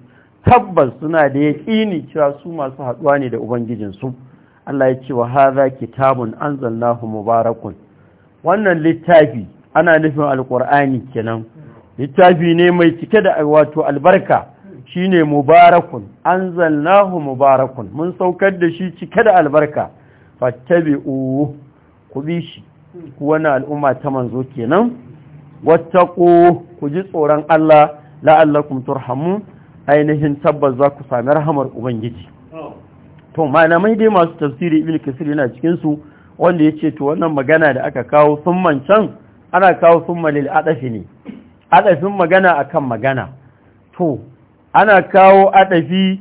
tabbas suna da yaƙini cewa su masu haduwa ne da ubangijinsu Allah ya ce wa haza kitabun anzalnahu mubarakun wannan littafi ana nufin alqur'ani kenan littafi ne mai cike da wato albarka shine mubarakun anzalnahu mubarakun mun saukar da shi cike da albarka fattabi'u ku bi shi ku wani al'umma ta manzo kenan wattaqu ku ji tsoron Allah la'allakum turhamun ainihin tabbas za ku sami rahamar ubangiji to malamai dai masu tafsiri ibn kasir yana cikin su wanda yace to wannan magana da aka kawo summan can ana kawo summa lil adafi ne adafin magana akan magana to ana kawo adafi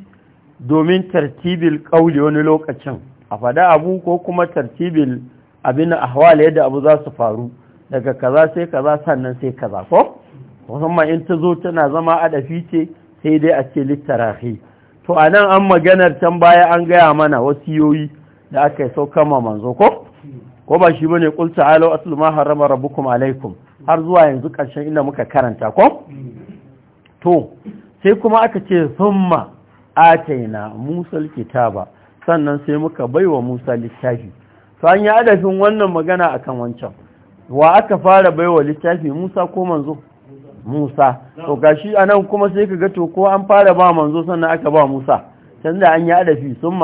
domin tartibil qauli wani lokacin a fada abu ko kuma tartibil abin ahwal yadda abu za su faru daga kaza sai kaza sannan sai kaza ko musamman in ta zo tana zama adafi ce sai dai a ce littarafi to a nan an maganar can baya an gaya mana wasiyoyi da aka yi saukama manzo ko ko ba shi bane qul ta'alu atlu ma harrama rabbukum alaikum har zuwa yanzu karshen inda muka karanta ko to sai kuma aka ce thumma ataina musa ba, sannan sai muka baiwa musa littafi to an yi adafin wannan magana akan wancan wa aka fara baiwa littafi musa ko manzo Musa to gashi anan kuma sai ka ga to ko an fara ba manzo sannan aka ba Musa canza an yi adafi sun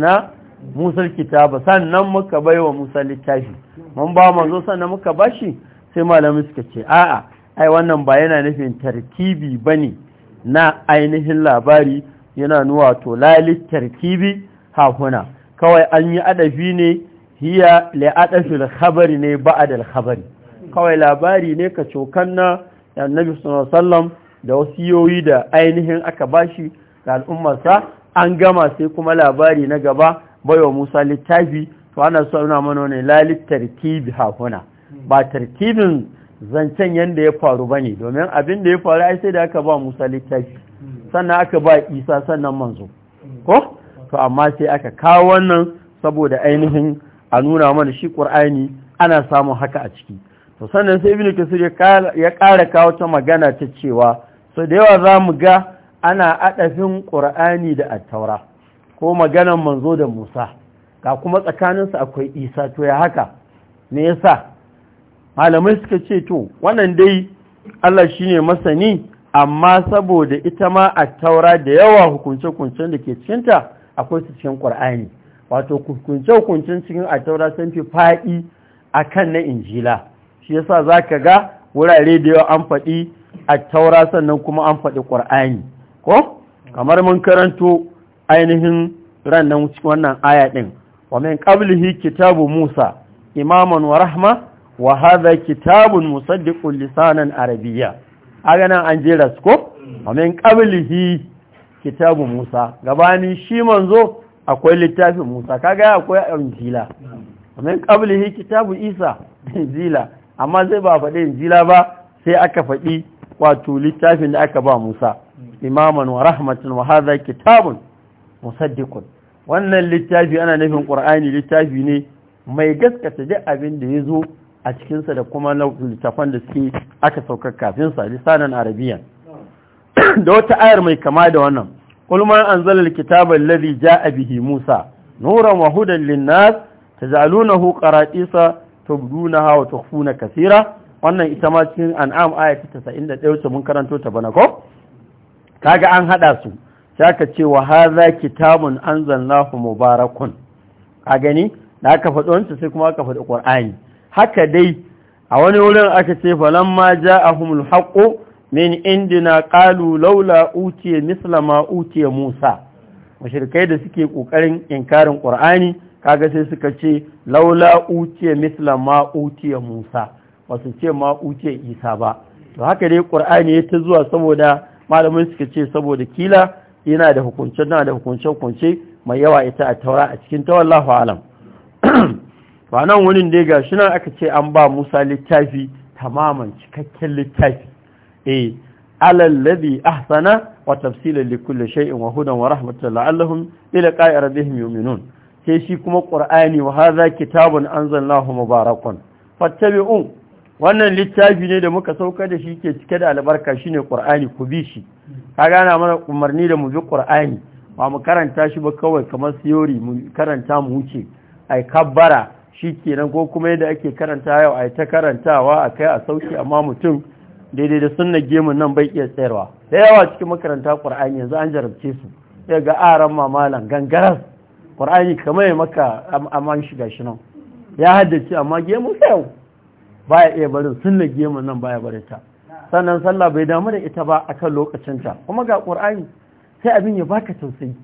na Musa kitaba sannan muka baiwa Musa littafi mun ba manzo sannan muka ba shi sai malamin suka ce a'a ai wannan ba yana nufin tarkibi bane na ainihin labari yana nuwa to lalit tartibi hakuna kawai an yi adafi ne hiya li'adafil khabari ne ba'adal khabari kawai labari ne ka cokan na annabi sallallahu alaihi da wasiyoyi da ainihin aka bashi ga al'ummarsa an gama sai kuma labari na gaba baiwa Musa littafi to ana so ina mana ne lalit tartibi hahuna ba tartibin zancen yanda ya faru bane domin abin da ya faru ai sai da aka ba Musa littafi sannan aka ba Isa sannan manzo ko to amma sai aka kawo wannan saboda ainihin a nuna mana shi Qur'ani ana samun haka a ciki to sannan sai ibn kasir ya ƙara kawo ta magana ta cewa so da yawa za mu ga ana adafin ƙur'ani da attaura ko maganan manzo da musa ga kuma tsakaninsu akwai isa to ya haka me yasa malamai suka ce to wannan dai allah shine masani amma saboda ita ma attaura da yawa hukunce-hukuncen da ke cikinta akwai su cikin ƙur'ani wato hukunce-hukuncen cikin attaura sun fi faɗi akan na injila shi yasa ka ga wurare da yawa an faɗi a taura sannan kuma an faɗi ƙur'ani ko kamar mun karanto ainihin rannan wannan aya ɗin wa min ƙablihi kitabu Musa imaman wa rahma wa haza kitabun musaddiqun lisanan Arabiya. aga nan an jera su ko wa min ƙablihi kitabu Musa gabanin shi manzo akwai littafin Musa kaga akwai injila wa min ƙablihi kitabu Isa injila amma zai ba faɗi injila ba sai aka faɗi wato littafin da aka ba Musa imaman wa rahmatin wa hadha kitabun musaddiqun wannan littafi ana nufin Qur'ani littafi ne mai gaskata duk abin da yazo a cikin sa da kuma littafan da suke aka saukar kafin sa lisanan arabiyan da wata ayar mai kama da wannan qul man anzala alkitaba alladhi jaa bihi Musa nuran wa hudan lin-nas taj'alunahu qaratisa tubdunaha wa tukhfuna kaseera wannan ita ma cikin an'am ayati 91 ce mun karanto ta bana ko kaga an hada su saka ce wa hadha kitabun anzalnahu mubarakun a gani da aka faɗi wancan sai kuma ka faɗi qur'ani haka dai a wani wurin aka ce falamma ja'ahumul haqqu min indina qalu laula utiya misla ma utiya musa mushrikai da suke kokarin inkarin qur'ani kaga sai suka ce laula utiya misla ma utiya musa ba su ce ma utiya isa ba to haka dai qur'ani ya ta zuwa saboda malamin suka ce saboda kila yana da hukunce na da hukunce hukunce mai yawa ita a taura a cikin ta wallahu alam ba nan wani dai gashi nan aka ce an ba musa littafi tamaman cikakken littafi eh alal ladhi ahsana wa tafsilan likulli shay'in wa hudan wa rahmatan la'allahum ila qa'i rabbihim yu'minun sai shi kuma ƙur'ani wa haza kitabun anzalnahu mubarakun un wannan littafi ne da muka sauka da shi ke cike da albarka shi ne ƙur'ani ku bi shi ka gana mana umarni da mu bi ƙur'ani ba mu karanta shi ba kawai kamar siyori mu karanta mu wuce ai kabbara nan ko kuma yadda ake karanta yau ai ta karantawa a kai a sauki amma mutum daidai da sunna gemun nan bai iya tsayarwa da yawa cikin makaranta ƙur'ani yanzu an jarabce su sai ga aran mamalan gangaras ƙwar'ani kamar ya maka aman shiga shi nan ya haddace amma gemu yau ba ya iya barin sunna gemun nan ba ya bari ta sannan sallah bai damu da ita ba a kan lokacinta kuma ga ƙwar'ani sai abin ya baka tausayi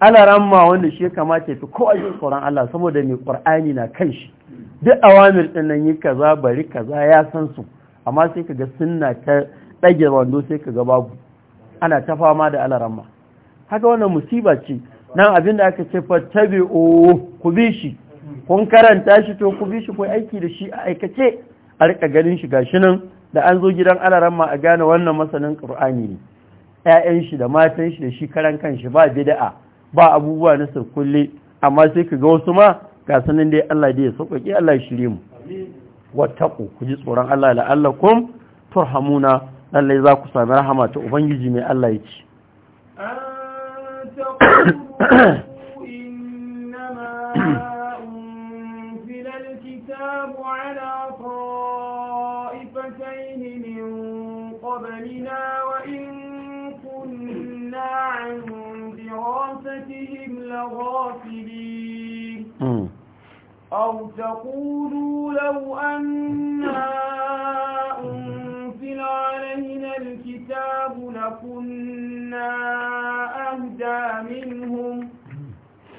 ana ramma wanda shi ya kamata ya fi ko a tsoron Allah saboda mai ƙwar'ani na kan shi duk awamir ɗin nan yi kaza bari kaza ya san su amma sai ka ga sunna ta ɗage wando sai ka ga babu ana ta fama da alaramma haka wannan musiba ce nan abin da aka ce o ku bi shi kun karanta shi to ku bi shi ku aiki da shi a aikace a rika ganin shi gashi nan da an zo gidan ma a gane wannan masanin qur'ani ne ƴaƴan shi da matan shi da shi karan kanshi ba bid'a ba abubuwa na sirkulle amma sai ku ga wasu ma ga sanin dai Allah dai ya sauƙaƙe Allah ya shirye mu wattaqu ku ji tsoron Allah la'allakum turhamuna lallai za ku sami rahama ta ubangiji mai Allah ya ci ah. تقولوا إنما أنزل الكتاب على طائفتين من قبلنا وإن كنا عن لغافلين أو تقولوا لو أنا أنزل أنزل علينا الكتاب لكنا أهدى منهم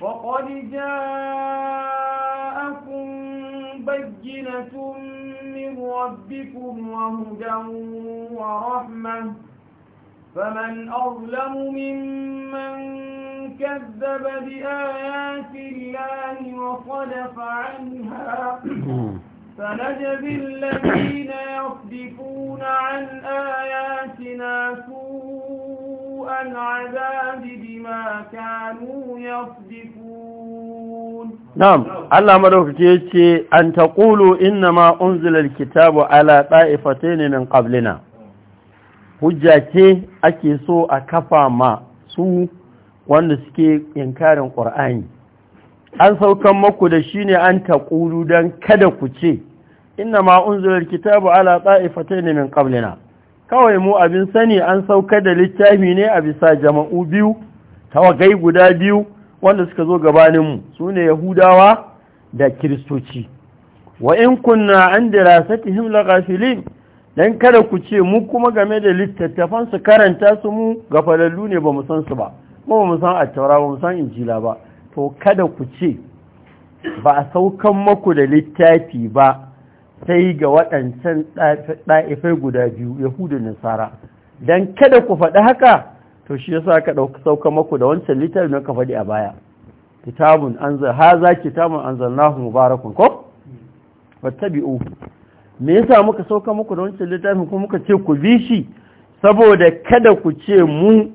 وقد جاءكم بينة من ربكم وهدى ورحمة فمن أظلم ممن كذب بآيات الله وصدف عنها سنجزي الذين يصدفون عن آياتنا سوء العذاب بما كانوا يصدفون نعم الله مدوك يتي أن تقولوا إنما أنزل الكتاب على طائفتين من قبلنا hujja ce ake so a kafa ma su wanda suke inkarin ƙur'ani an saukan maku da shi ne an taƙuru don kada ku ce inna ma'unzular kitabu ala tsa'ifatai ne min ƙablina kawai mu abin sani an sauka da littafi ne a bisa jama'u biyu tawagai guda biyu wanda suka zo gabaninmu su ne yahudawa da kiristoci wa in kunna an himla gafilin Don kada ku ce mu kuma game da littattafansu karanta su mu gafalallu ne ba mu san su ba Mu ba mu san attaura ba mu san injila ba to kada ku ce ba a saukan maku da littafi ba sai ga waɗancan ɗa'ifai guda biyu yahudu nasara don kada ku faɗi haka to shi ya sa ka ɗauka saukan maku da wancan littafi na ka faɗi a baya kitabun an haza kitabun an zannahu mubarakun ko fattabi'u me ya sa muka saukan maku da wancan littafi kuma muka ce ku bi shi saboda kada ku ce mu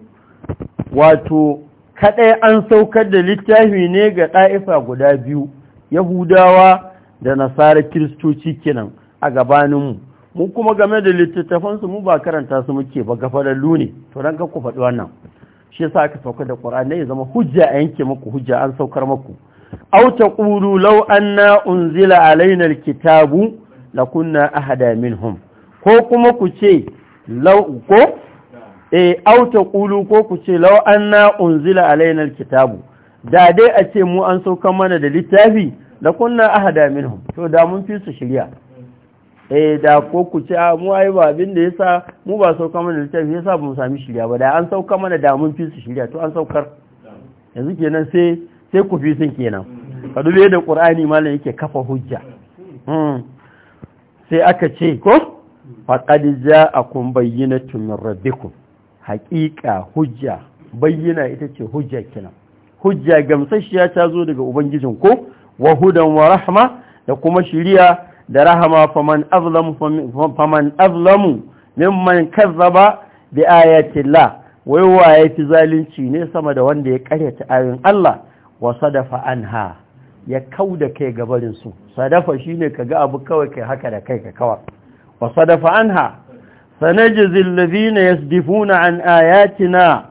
wato kaɗai an saukar da littafi ne ga ɗa'ifa guda biyu yahudawa da nasara kiristoci kenan a gabaninmu mu kuma game da littattafansu mu ba karanta su muke ba gafararru ne to ka ku faɗi wannan shi sa aka sauka da Qur'ani ya zama hujja a yanke muku hujja an saukar muku ƙuru lau an anna unzila alaina alkitabu lakunna ahada minhum ko kuma ku ce lau ko e eh, auta ƙulu ko ku ce lau an na unzila alainar kitabu da dai a ce mu an sauka mana da littafi da kunna ahada minhum to da mun fi su shirya e da ko ku ce mu ai ba abin da yasa mu ba sauka mana da littafi yasa ba mu sami shirya ba da an sauka mana da mun fi su shirya to an saukar yanzu kenan sai sai ku fi sun kenan ka dube da qur'ani malam yake kafa hujja hmm. sai aka ce ko faqad ja'akum bayyinatun min rabbikum haƙiƙa hujja bayyana ita ce hujja kenan hujja gamsasshiya ta zo daga ubangijin ko wa hudan wa rahma da kuma shiriya da rahama faman azlamu faman azlamu mimman kazzaba bi ayati Allah wai waye fi zalunci ne sama da wanda ya karyata ayoyin Allah wa sadafa anha ya kauda kai gabarin su sadafa shine kaga abu kawai kai haka da kai ka kawa wa sadafa anha sanajizil ladina yasdifuna an ayatina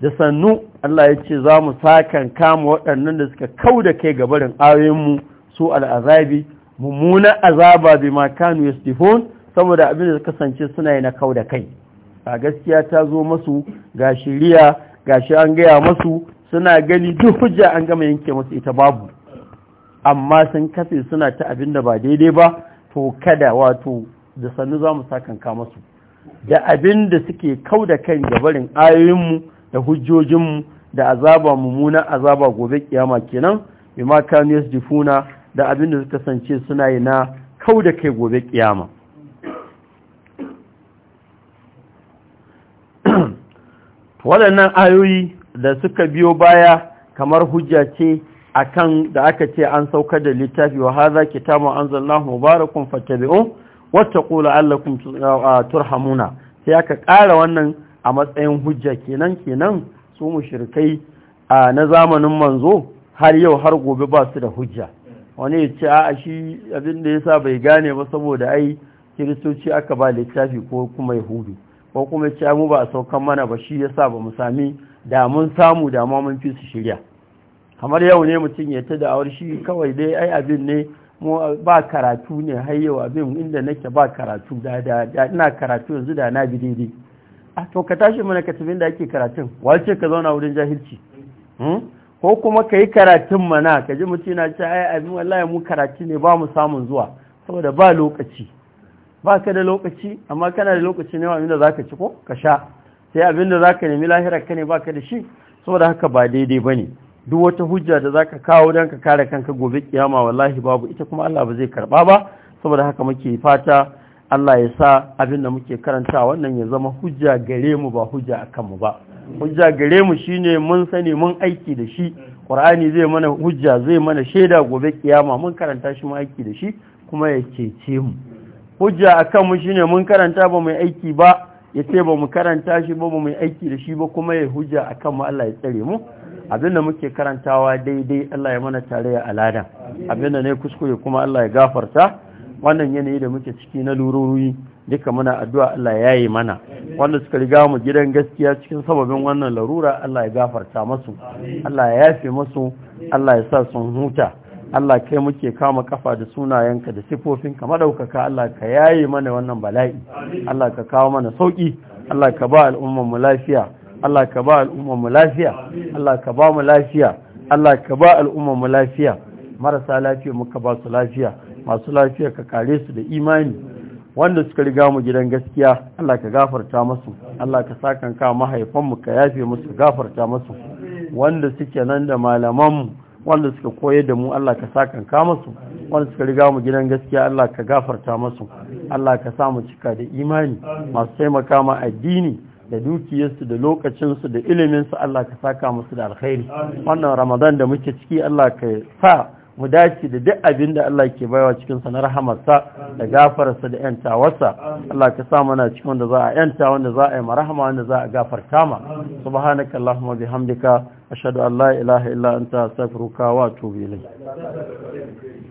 da sannu Allah ya ce za mu sakan kama waɗannan da suka kau da kai gabarin ayoyinmu su al'azabi mummunan azaba bi makanu yasdifun saboda abin da kasance suna yi na kau da kai a gaskiya ta zo masu ga shiriya gashi an gaya masu suna gani duk hujja an gama yanke masu ita babu amma sun kafe suna ta abin da ba daidai ba to kada wato da sannu za mu sakanka masu da abin da suke kau da kan gabarin ayoyinmu da hujjojinmu da azaba mummunan azaba gobe kiyama kenan ma kanu yasdifuna da abin da suka sance suna yi na kau da kai gobe kiyama waɗannan ayoyi da suka biyo baya kamar hujja ce akan da aka ce an saukar da littafi wa haza kitabun anzalnahu mubarakun fattabi'u wata ƙula allakun uh, uh, turhamuna sai aka ƙara wannan a matsayin hujja kenan kenan su mu mushrikai uh, na zamanin manzo har yau har gobe ba su da hujja wani ya ce a shi abin da yasa bai gane ba saboda ai kiristoci aka ba littafi ko kuma yahudu ko kuma ya ce mu ba a saukan mana ba shi yasa ba mu sami da mun samu da mun fi su shirya kamar yau ne mutum ya ta da'awar shi kawai dai ai abin ne ba karatu ne hayyawa abin inda nake ba karatu da da ina karatu yanzu da na bi daidai a ah, to ka tashi mana ka tafi da ake karatun wace ka zauna wurin jahilci hmm? ko kuma ka yi karatun mana ka ji mutum na ce ai abin wallahi mu karatu ne ba mu samun zuwa saboda ba lokaci ba ka da lokaci amma kana da lokaci ne abin da za ka ci ko ka sha sai abin da za ka nemi lahirar ka ne ba ka da shi saboda haka ba daidai ba ne duk wata hujja da zaka kawo don ka kare kanka gobe kiyama wallahi babu ita kuma Allah ba zai karɓa ba saboda haka muke fata Allah ya sa abin da muke karanta wannan ya zama hujja gare mu ba hujja a kanmu ba hujja gare mu shine mun sani mun aiki da shi Qur'ani zai mana hujja zai mana shaida gobe kiyama mun karanta shi mun aiki da shi kuma ya cece mu hujja a mu shine mun karanta ba mu aiki ba ya ce ba mu karanta shi ba ba mu aiki da shi ba kuma ya hujja a kanmu Allah ya tsare mu abinda muke karantawa daidai Allah ya mana tare a al'ada abinda ne kuskure kuma Allah ya gafarta wannan yanayi da muke ciki na lururi duka muna addu'a Allah ya yi mana wanda suka riga mu gidan gaskiya cikin sababin wannan larura Allah ya gafarta masu Allah ya yafe masu Allah ya sa sun huta Allah kai muke kama kafa da sunayenka da sifofinka madaukaka Allah ka yaye mana wannan bala'i Allah ka kawo mana sauki Allah ka ba al'ummar mu lafiya Allah ka ba al'umma mu lafiya Allah ka ba mu lafiya Allah ka ba al'umma mu lafiya marasa lafiya muka ba su lafiya masu lafiya ka kare su da imani wanda suka riga mu gidan gaskiya Allah ka gafarta masu. Allah ka sakan ka mahaifanmu ka yafe musu gafarta masu. wanda suke nan da malamanmu, wanda suka koyar da mu Allah ka sakan ka masu, wanda suka riga mu gidan gaskiya Allah ka gafarta masu. Allah ka sa mu cika da imani masu taimaka ma addini da dukiyarsu da lokacinsu da iliminsu Allah ka saka musu da alkhairi wannan ramadan da muke ciki Allah ka sa mu dace da duk abin da Allah ke baiwa sa na rahamarsa da gafararsa da ‘yantawarsa Allah ka sa mana cikin wanda za a ‘yanta wanda za a yi marahama wanda za a gafarta ma subhanaka Allahumma bihamdika ashhadu an la ilaha illa anta astaghfiruka wa atubu ilayk